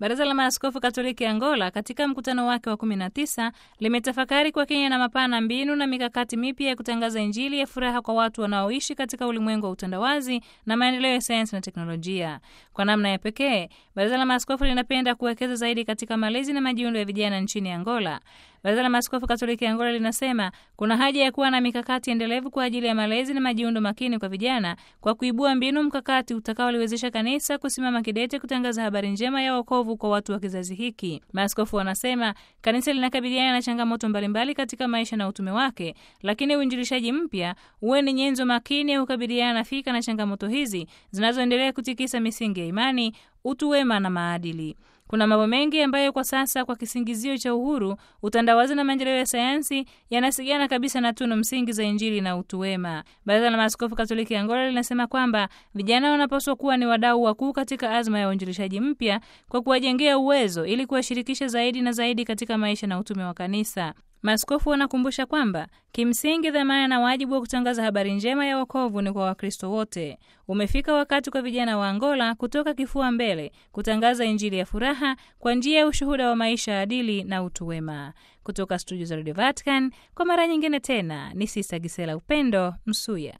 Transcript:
Baraza la Maaskofu Katoliki Angola katika mkutano wake wa 19 limetafakari kwa kenya na mapana mbinu na mikakati mipya ya kutangaza Injili ya furaha kwa watu wanaoishi katika ulimwengu wa utandawazi na maendeleo ya sayansi na teknolojia. Kwa namna ya pekee, Baraza la Maaskofu linapenda kuwekeza zaidi katika malezi na majiundo ya vijana nchini Angola. Baraza la Maaskofu Katoliki Angola linasema kuna haja ya kuwa na mikakati endelevu kwa ajili ya malezi na majiundo makini kwa vijana kwa kuibua mbinu mkakati utakaoliwezesha kanisa kusimama kidete kutangaza habari njema ya wokovu kwa watu wa kizazi hiki. Maaskofu wanasema kanisa linakabiliana na changamoto mbalimbali katika maisha na utume wake, lakini uinjilishaji mpya uwe ni nyenzo makini ya kukabiliana na fika na changamoto hizi zinazoendelea kutikisa misingi ya imani, utu wema na maadili. Kuna mambo mengi ambayo kwa sasa kwa kisingizio cha uhuru, utandawazi na maendeleo ya sayansi yanasigana kabisa na tunu msingi za Injili na utu wema. Baraza la Maaskofu Katoliki Angola linasema kwamba vijana wanapaswa kuwa ni wadau wakuu katika azma ya uinjilishaji mpya kwa kuwajengea uwezo ili kuwashirikisha zaidi na zaidi katika maisha na utume wa kanisa. Maaskofu wanakumbusha kwamba kimsingi dhamana na wajibu wa kutangaza habari njema ya wokovu ni kwa Wakristo wote. Umefika wakati kwa vijana wa Angola kutoka kifua mbele kutangaza Injili ya furaha kwa njia ya ushuhuda wa maisha ya adili na utu wema. Kutoka studio za Radio Vatican kwa mara nyingine tena ni Sista Gisela Upendo Msuya.